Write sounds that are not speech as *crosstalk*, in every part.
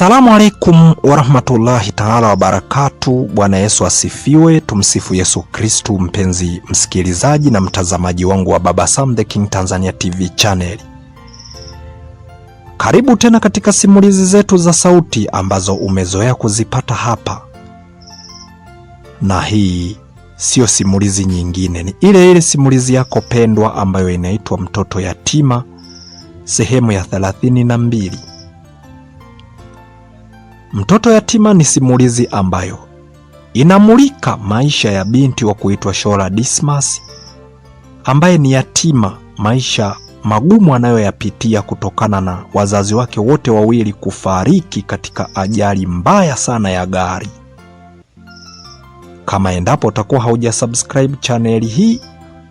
Assalamu alaikum warahmatullahi taala wabarakatu. Bwana Yesu asifiwe, tumsifu Yesu Kristu. Mpenzi msikilizaji na mtazamaji wangu wa Baba Sam the King Tanzania TV channel, karibu tena katika simulizi zetu za sauti ambazo umezoea kuzipata hapa, na hii siyo simulizi nyingine, ni ile ile simulizi yako pendwa ambayo inaitwa Mtoto Yatima sehemu ya thelathini na mbili. Mtoto Yatima ni simulizi ambayo inamulika maisha ya binti wa kuitwa Shola Dismas ambaye ni yatima, maisha magumu anayoyapitia kutokana na wazazi wake wote wawili kufariki katika ajali mbaya sana ya gari. Kama endapo utakuwa haujasubscribe chaneli hii,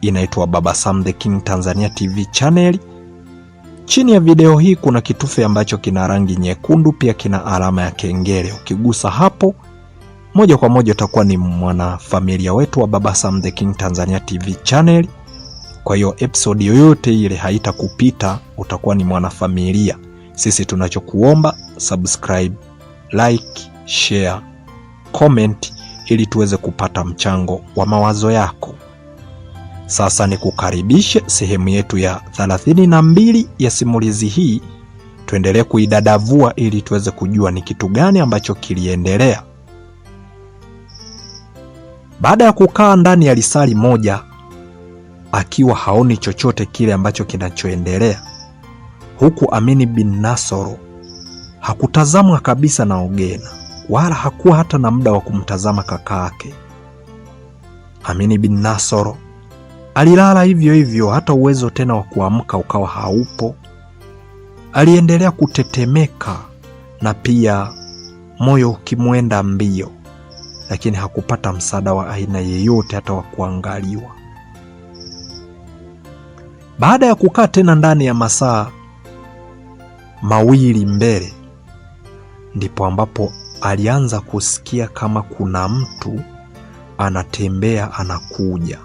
inaitwa Baba Sam The King Tanzania TV chaneli Chini ya video hii kuna kitufe ambacho kina rangi nyekundu, pia kina alama ya kengele. Ukigusa hapo moja kwa moja utakuwa ni mwanafamilia wetu wa Baba Sam The King Tanzania TV channel. Kwa hiyo episode yoyote ile haitakupita, utakuwa ni mwanafamilia. Sisi tunachokuomba subscribe, like, share, comment ili tuweze kupata mchango wa mawazo yako. Sasa ni kukaribishe sehemu yetu ya 32 ya simulizi hii. Tuendelee kuidadavua ili tuweze kujua ni kitu gani ambacho kiliendelea. Baada ya kukaa ndani ya lisali moja akiwa haoni chochote kile ambacho kinachoendelea, huku Amini bin Nasoro hakutazamwa kabisa na Ogena, wala hakuwa hata na muda wa kumtazama kakaake Amini bin Nasoro Alilala hivyo hivyo, hata uwezo tena wa kuamka ukawa haupo. Aliendelea kutetemeka na pia moyo ukimwenda mbio, lakini hakupata msaada wa aina yeyote, hata wa kuangaliwa. Baada ya kukaa tena ndani ya masaa mawili mbele, ndipo ambapo alianza kusikia kama kuna mtu anatembea anakuja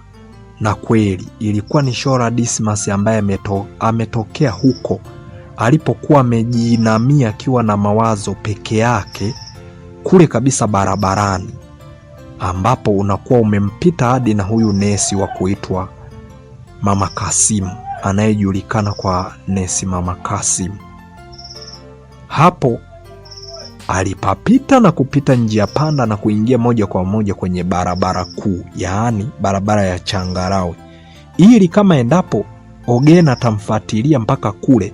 na kweli ilikuwa ni Shora Dismas ambaye ameto, ametokea huko alipokuwa amejinamia akiwa na mawazo peke yake kule kabisa barabarani, ambapo unakuwa umempita hadi na huyu nesi wa kuitwa Mama Kasimu anayejulikana kwa nesi Mama Kasimu hapo alipapita na kupita njia panda na kuingia moja kwa moja kwenye barabara kuu, yaani barabara ya changarawe, ili kama endapo Ogena atamfuatilia mpaka kule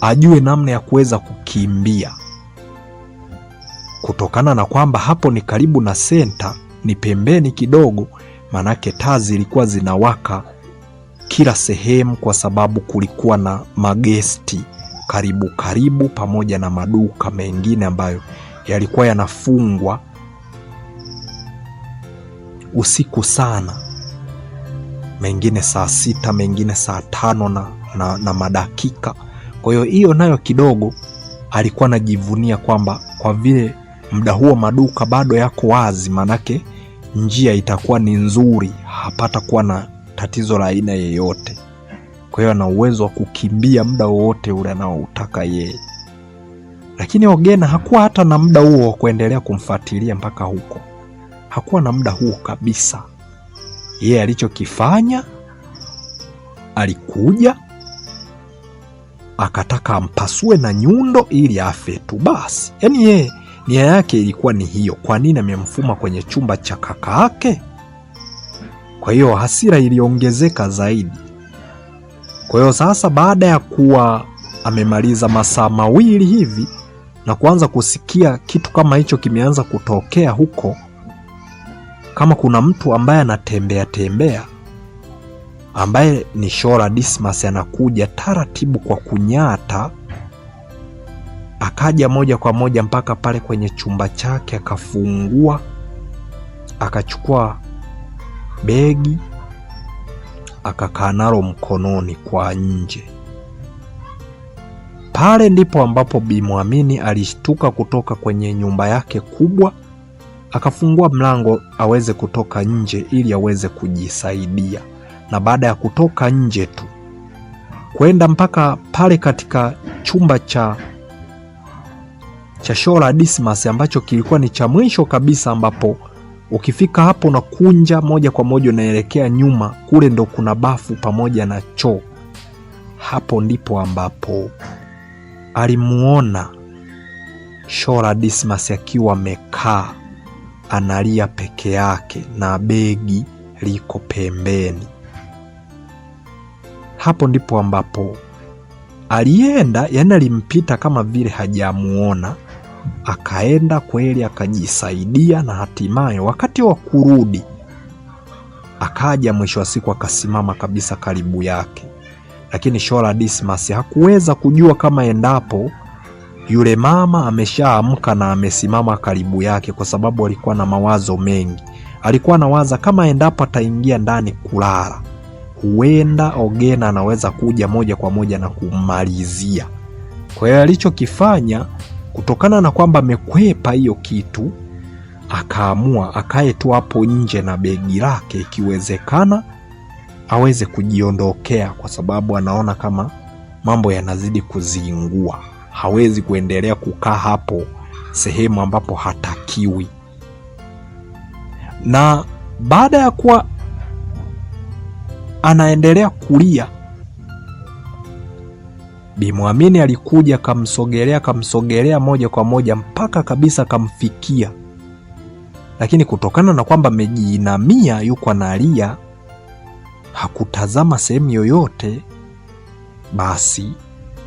ajue namna ya kuweza kukimbia, kutokana na kwamba hapo ni karibu na senta, ni pembeni kidogo, manake taa zilikuwa zinawaka kila sehemu, kwa sababu kulikuwa na magesti karibu karibu, pamoja na maduka mengine ambayo yalikuwa yanafungwa usiku sana, mengine saa sita, mengine saa tano na, na, na madakika. Kwa hiyo hiyo nayo kidogo alikuwa anajivunia kwamba kwa vile muda huo maduka bado yako wazi, manake njia itakuwa ni nzuri, hapata kuwa na tatizo la aina yeyote. Kwa hiyo ana uwezo wa kukimbia muda wowote ule anaoutaka yeye, lakini Ogena hakuwa hata na muda huo wa kuendelea kumfuatilia mpaka huko. Hakuwa na muda huo kabisa. Yeye alichokifanya, alikuja akataka ampasue na nyundo ili afe tu basi. Yaani yeye nia yake ilikuwa ni hiyo. Kwa nini amemfuma kwenye chumba cha kaka yake? Kwa hiyo hasira iliongezeka zaidi. Kwa hiyo sasa, baada ya kuwa amemaliza masaa mawili hivi na kuanza kusikia kitu kama hicho kimeanza kutokea huko, kama kuna mtu ambaye anatembea tembea, ambaye ni Shora Dismas, anakuja taratibu kwa kunyata, akaja moja kwa moja mpaka pale kwenye chumba chake, akafungua, akachukua begi akakaa nalo mkononi kwa nje. Pale ndipo ambapo Bimwamini alishtuka kutoka kwenye nyumba yake kubwa, akafungua mlango aweze kutoka nje ili aweze kujisaidia. Na baada ya kutoka nje tu kwenda mpaka pale katika chumba cha cha Shola Dismas ambacho kilikuwa ni cha mwisho kabisa ambapo Ukifika hapo unakunja moja kwa moja unaelekea nyuma, kule ndo kuna bafu pamoja na choo. Hapo ndipo ambapo alimuona Shora Dismas akiwa amekaa analia peke yake na begi liko pembeni. Hapo ndipo ambapo alienda, yani alimpita kama vile hajamuona akaenda kweli akajisaidia, na hatimaye wakati wa kurudi akaja mwisho wa siku akasimama kabisa karibu yake, lakini Shola Dismas hakuweza kujua kama endapo yule mama ameshaamka na amesimama karibu yake, kwa sababu alikuwa na mawazo mengi. Alikuwa anawaza kama endapo ataingia ndani kulala, huenda Ogena anaweza kuja moja kwa moja na kummalizia. Kwa hiyo alichokifanya Kutokana na kwamba amekwepa hiyo kitu, akaamua akae tu hapo nje na begi lake, ikiwezekana aweze kujiondokea, kwa sababu anaona kama mambo yanazidi kuziingua, hawezi kuendelea kukaa hapo sehemu ambapo hatakiwi. Na baada ya kuwa anaendelea kulia Bimwamini alikuja kamsogelea, kamsogelea moja kwa moja mpaka kabisa kamfikia, lakini kutokana na kwamba amejiinamia, yuko analia, hakutazama sehemu yoyote, basi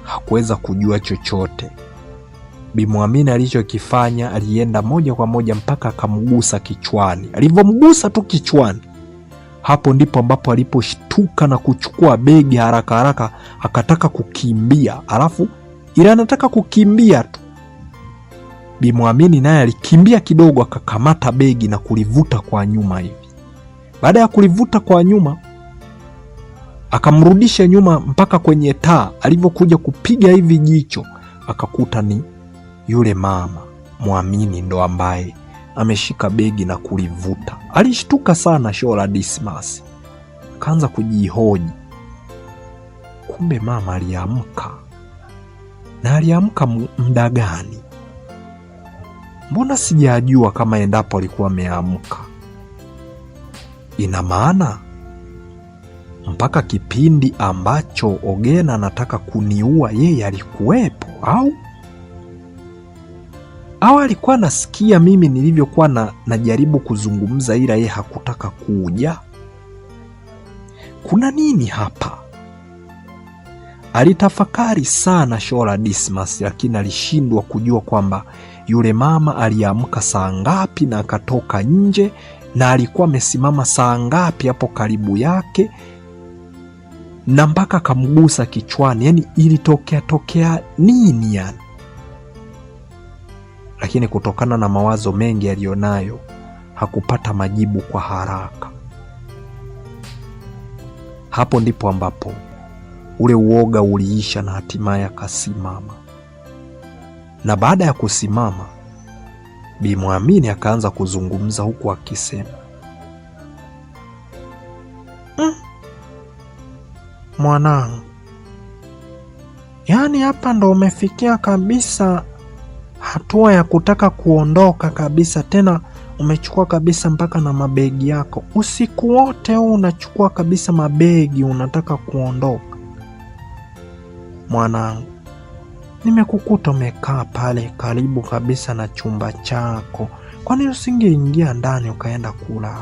hakuweza kujua chochote. Bimwamini alichokifanya alienda moja kwa moja mpaka akamgusa kichwani. Alivyomgusa tu kichwani, hapo ndipo ambapo aliposhtuka na kuchukua begi haraka haraka, akataka kukimbia, alafu ila anataka kukimbia tu, Bimwamini naye alikimbia kidogo, akakamata begi na kulivuta kwa nyuma hivi. Baada ya kulivuta kwa nyuma, akamrudisha nyuma mpaka kwenye taa. Alivyokuja kupiga hivi jicho, akakuta ni yule mama Mwamini ndo ambaye ameshika begi na kulivuta. Alishtuka sana Shola Dismas, akaanza kujihoji. Kumbe mama aliamka, na aliamka muda gani? Mbona sijajua kama endapo alikuwa ameamka, ina maana mpaka kipindi ambacho Ogena anataka kuniua yeye alikuwepo au? Hawa alikuwa nasikia mimi nilivyokuwa na, najaribu kuzungumza ila yeye hakutaka kuja. Kuna nini hapa? Alitafakari sana Shola Dismas, lakini alishindwa kujua kwamba yule mama aliamka saa ngapi na akatoka nje na alikuwa amesimama saa ngapi hapo karibu yake na mpaka akamgusa kichwani. yani ilitokea tokea nini yani? lakini kutokana na mawazo mengi aliyonayo hakupata majibu kwa haraka. Hapo ndipo ambapo ule uoga uliisha na hatimaye akasimama. Na baada ya kusimama, Bi Mwamini akaanza kuzungumza huku akisema, mm, mwanangu, yaani hapa ndo umefikia kabisa hatua ya kutaka kuondoka kabisa, tena umechukua kabisa mpaka na mabegi yako. Usiku wote huu unachukua kabisa mabegi, unataka kuondoka. Mwanangu, nimekukuta umekaa pale karibu kabisa na chumba chako, kwani usingeingia ndani ukaenda kulala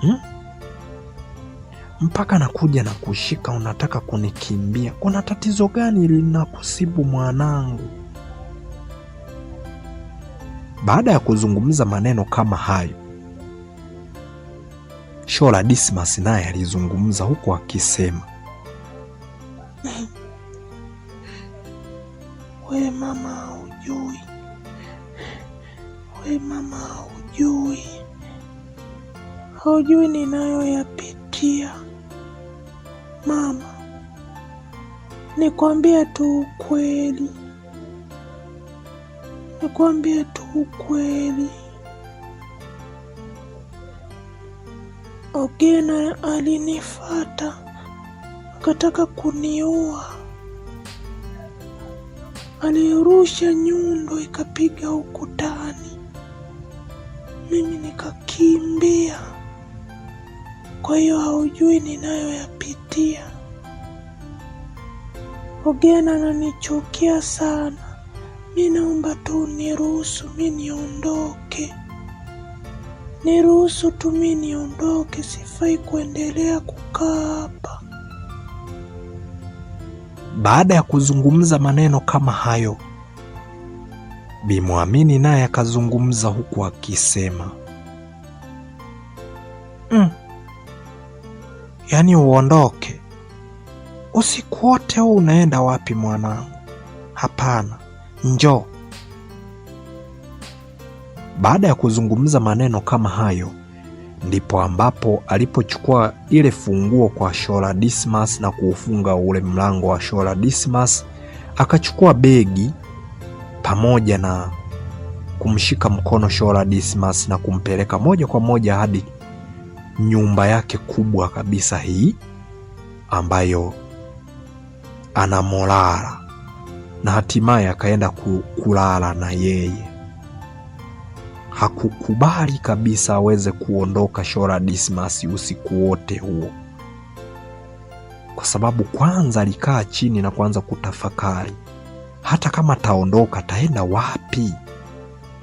hmm? mpaka nakuja na kushika, unataka kunikimbia. Kuna tatizo gani linakusibu mwanangu? Baada ya kuzungumza maneno kama hayo, Shola Dismas naye alizungumza huku akisema, *clears throat* we mama, hujui we mama, hujui haujui ninayoyapitia Mama, nikwambie tu ukweli, nikwambie tu ukweli, Ogena alinifata akataka kuniua, alirusha nyundo ikapiga ukutani, mimi nikakimbia kwa hiyo haujui ninayoyapitia. Ogena ananichukia sana, mi naomba tu niruhusu mi niondoke, niruhusu tu mi niondoke, sifai kuendelea kukaa hapa. Baada ya kuzungumza maneno kama hayo, Bimwamini naye akazungumza huku akisema mm yaani uondoke. Usiku wote huu unaenda wapi mwanangu? Hapana, njoo. Baada ya kuzungumza maneno kama hayo, ndipo ambapo alipochukua ile funguo kwa Shola Dismas na kuufunga ule mlango wa Shola Dismas, akachukua begi pamoja na kumshika mkono Shola Dismas na kumpeleka moja kwa moja hadi nyumba yake kubwa kabisa hii ambayo anamolala na hatimaye akaenda kulala na yeye. Hakukubali kabisa aweze kuondoka Shora Dismas usiku wote huo, kwa sababu kwanza alikaa chini na kuanza kutafakari, hata kama ataondoka ataenda wapi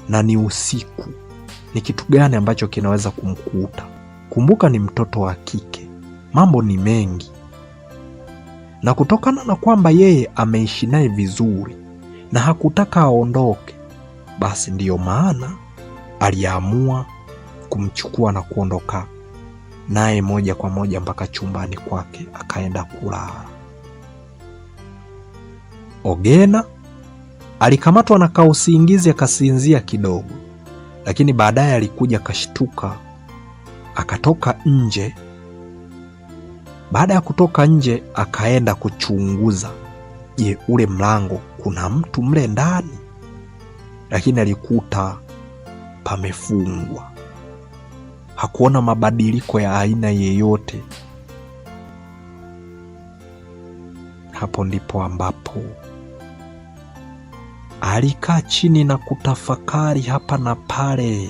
na ni usiku, ni kitu gani ambacho kinaweza kumkuta? Kumbuka ni mtoto wa kike, mambo ni mengi, na kutokana na kwamba yeye ameishi naye vizuri na hakutaka aondoke, basi ndiyo maana aliamua kumchukua na kuondoka naye moja kwa moja mpaka chumbani kwake akaenda kulala. Ogena alikamatwa na kausingizi akasinzia kidogo, lakini baadaye alikuja akashtuka akatoka nje. Baada ya kutoka nje, akaenda kuchunguza, je, ule mlango kuna mtu mle ndani? Lakini alikuta pamefungwa, hakuona mabadiliko ya aina yeyote. Hapo ndipo ambapo alikaa chini na kutafakari hapa na pale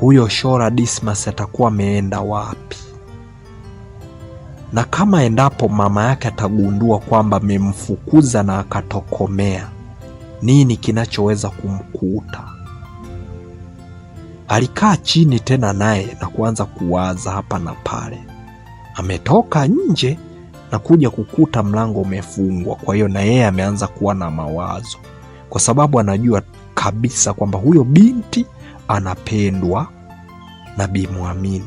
huyo Shora Dismas atakuwa ameenda wapi, na kama endapo mama yake atagundua kwamba amemfukuza na akatokomea, nini kinachoweza kumkuta? Alikaa chini tena naye na kuanza kuwaza hapa na pale. Ametoka nje na kuja kukuta mlango umefungwa, kwa hiyo na yeye ameanza kuwa na mawazo, kwa sababu anajua kabisa kwamba huyo binti anapendwa na Bimwamini.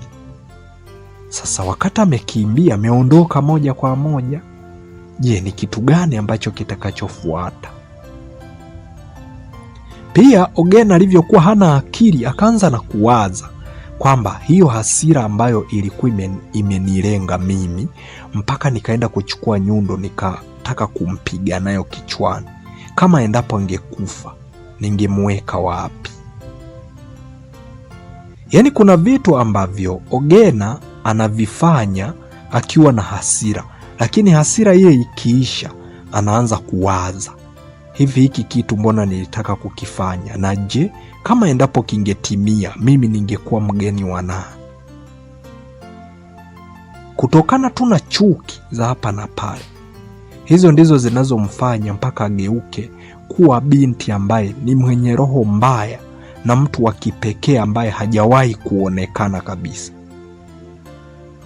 Sasa wakati amekimbia ameondoka moja kwa moja, je, ni kitu gani ambacho kitakachofuata? Pia Ogena alivyokuwa hana akili, akaanza na kuwaza kwamba hiyo hasira ambayo ilikuwa imenilenga mimi mpaka nikaenda kuchukua nyundo nikataka kumpiga nayo kichwani, kama endapo angekufa ningemweka wapi? Yaani kuna vitu ambavyo Ogena anavifanya akiwa na hasira, lakini hasira ile ikiisha, anaanza kuwaza hivi, hiki kitu mbona nilitaka kukifanya? Na je, kama endapo kingetimia, mimi ningekuwa mgeni wa nani? Kutokana tu na chuki za hapa na pale, hizo ndizo zinazomfanya mpaka ageuke kuwa binti ambaye ni mwenye roho mbaya na mtu wa kipekee ambaye hajawahi kuonekana kabisa.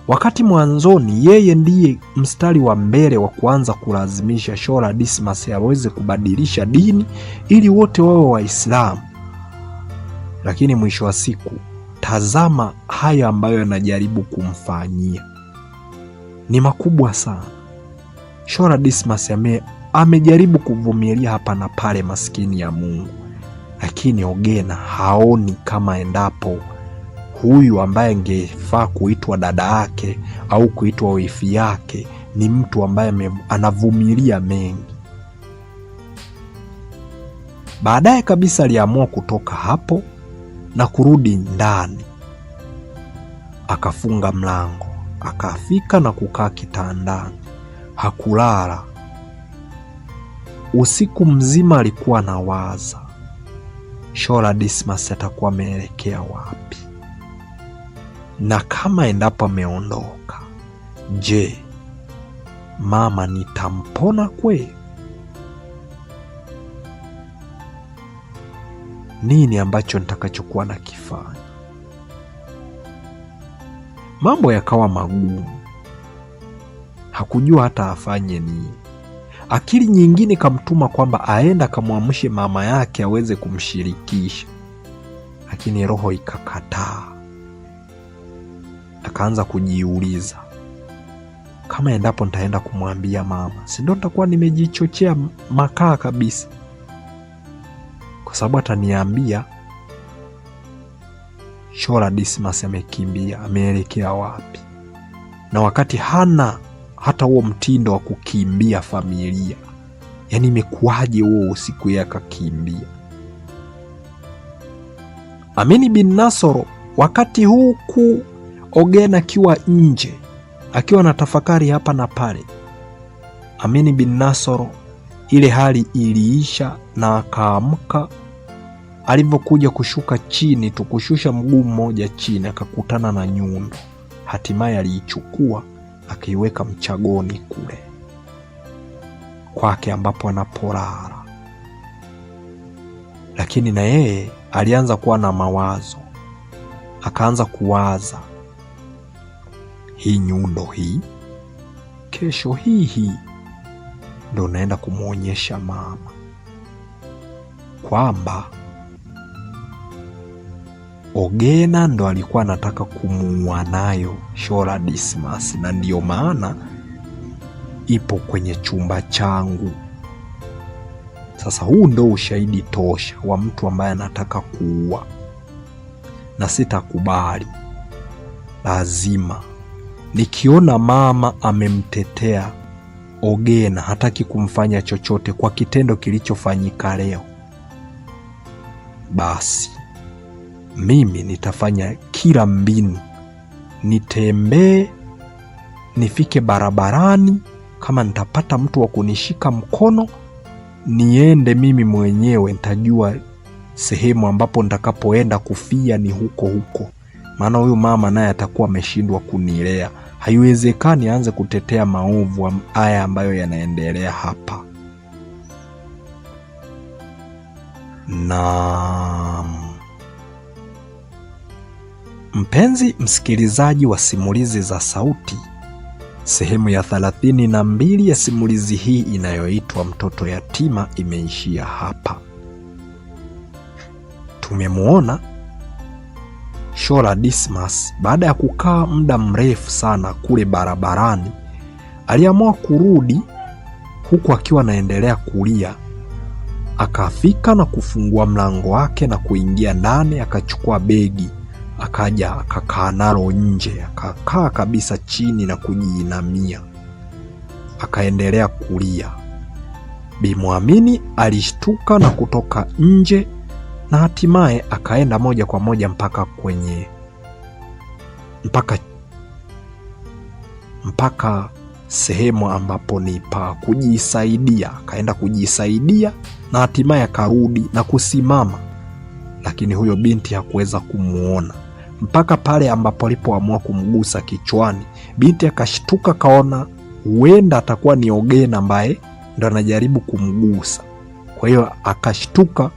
Wakati mwanzoni yeye ndiye mstari wa mbele wa kuanza kulazimisha Shora Dismas aweze kubadilisha dini ili wote wawe Waislamu, lakini mwisho wa siku, tazama haya ambayo yanajaribu kumfanyia ni makubwa sana. Shora Dismas ame amejaribu kuvumilia hapa na pale, maskini ya Mungu lakini Ogena haoni kama endapo huyu ambaye angefaa kuitwa dada yake au kuitwa wifi yake ni mtu ambaye anavumilia mengi. Baadaye kabisa aliamua kutoka hapo na kurudi ndani, akafunga mlango, akafika na kukaa kitandani, hakulala usiku mzima. Alikuwa anawaza Shola Dismas atakuwa ameelekea wapi, na kama endapo ameondoka, je, mama nitampona kweli? Nini ambacho nitakachokuwa na kifanya? Mambo yakawa magumu, hakujua hata afanye nini. Akili nyingine kamtuma kwamba aenda akamwamshe mama yake aweze kumshirikisha, lakini roho ikakataa. Akaanza kujiuliza kama endapo nitaenda kumwambia mama, si ndo nitakuwa nimejichochea makaa kabisa, kwa sababu ataniambia Shora Dismas amekimbia, ameelekea wapi? Na wakati hana hata huo mtindo wa kukimbia familia, yaani imekuwaje huo usiku yeye akakimbia? Amini bin Nasoro wakati huku Ogen akiwa nje akiwa na tafakari hapa na pale, Amini bin Nasoro ile hali iliisha, na akaamka. Alivyokuja kushuka chini tu kushusha mguu mmoja chini, akakutana na nyundo, hatimaye aliichukua akaiweka mchagoni kule kwake ambapo anapolala. Lakini na yeye alianza kuwa na mawazo, akaanza kuwaza hii nyundo hii kesho hii hii ndo naenda kumwonyesha mama kwamba Ogena ndo alikuwa anataka kumuua nayo Shora Dismas, na ndiyo maana ipo kwenye chumba changu. Sasa huu ndo ushahidi tosha wa mtu ambaye anataka kuua, na sitakubali. Lazima nikiona mama amemtetea Ogena, hataki kumfanya chochote kwa kitendo kilichofanyika leo, basi mimi nitafanya kila mbinu nitembee, nifike barabarani, kama nitapata mtu wa kunishika mkono niende mimi mwenyewe, nitajua sehemu ambapo nitakapoenda kufia ni huko huko, maana huyu mama naye atakuwa ameshindwa kunilea. Haiwezekani aanze kutetea maovu haya ambayo yanaendelea hapa na Mpenzi msikilizaji wa simulizi za sauti, sehemu ya thelathini na mbili ya simulizi hii inayoitwa Mtoto Yatima imeishia hapa. Tumemwona Shola Dismas baada ya kukaa muda mrefu sana kule barabarani, aliamua kurudi huku akiwa anaendelea kulia. Akafika na kufungua mlango wake na kuingia ndani, akachukua begi akaja akakaa nalo nje, akakaa kabisa chini na kujiinamia, akaendelea kulia. Bimwamini alishtuka na kutoka nje, na hatimaye akaenda moja kwa moja mpaka kwenye mpaka mpaka sehemu ambapo ni pa kujisaidia, akaenda kujisaidia na hatimaye akarudi na kusimama, lakini huyo binti hakuweza kumwona mpaka pale ambapo alipoamua kumgusa kichwani. Binti akashtuka, kaona huenda atakuwa ni Ogena ambaye ndo anajaribu kumgusa. Kwa hiyo akashtuka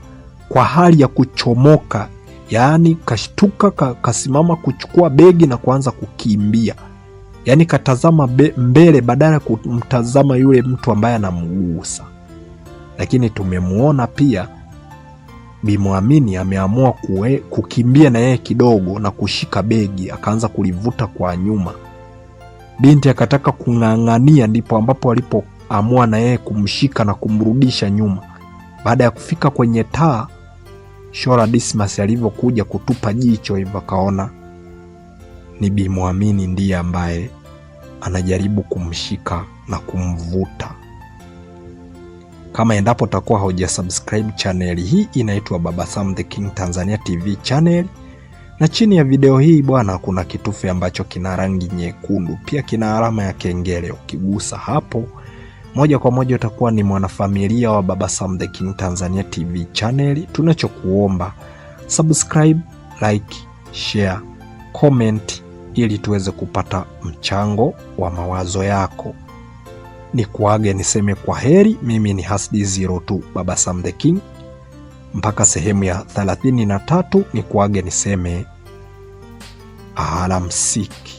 kwa hali ya kuchomoka, yaani kashtuka kasimama kuchukua begi na kuanza kukimbia, yaani katazama be, mbele badala ya kumtazama yule mtu ambaye anamgusa. Lakini tumemwona pia Bimwamini ameamua kue, kukimbia na yeye kidogo na kushika begi akaanza kulivuta kwa nyuma. Binti akataka kung'ang'ania, ndipo ambapo alipoamua na yeye kumshika na kumrudisha nyuma. Baada ya kufika kwenye taa, Shora Dismas alivyokuja kutupa jicho hivyo, akaona ni Bimwamini ndiye ambaye anajaribu kumshika na kumvuta. Kama endapo utakuwa subscribe chaneli hii inaitwa Baba Sam The King Tanzania TV channel, na chini ya video hii bwana, kuna kitufe ambacho kina rangi nyekundu, pia kina alama ya kengele. Ukigusa hapo moja kwa moja utakuwa ni mwanafamilia wa Baba Sam The King Tanzania TV channel. Tunachokuomba subscribe, like, share, comment ili tuweze kupata mchango wa mawazo yako ni kuage niseme kwa heri. Mimi ni Hasdi 02 Baba Sam the King, mpaka sehemu ya 33 ni kuage niseme alamsiki.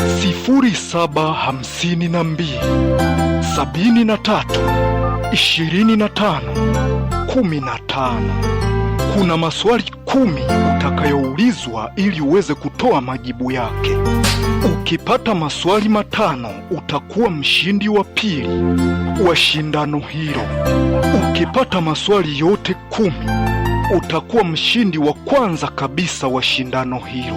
tano kumi na tano. Kuna maswali kumi utakayoulizwa ili uweze kutoa majibu yake. Ukipata maswali matano utakuwa mshindi wa pili wa shindano hilo. Ukipata maswali yote kumi utakuwa mshindi wa kwanza kabisa wa shindano hilo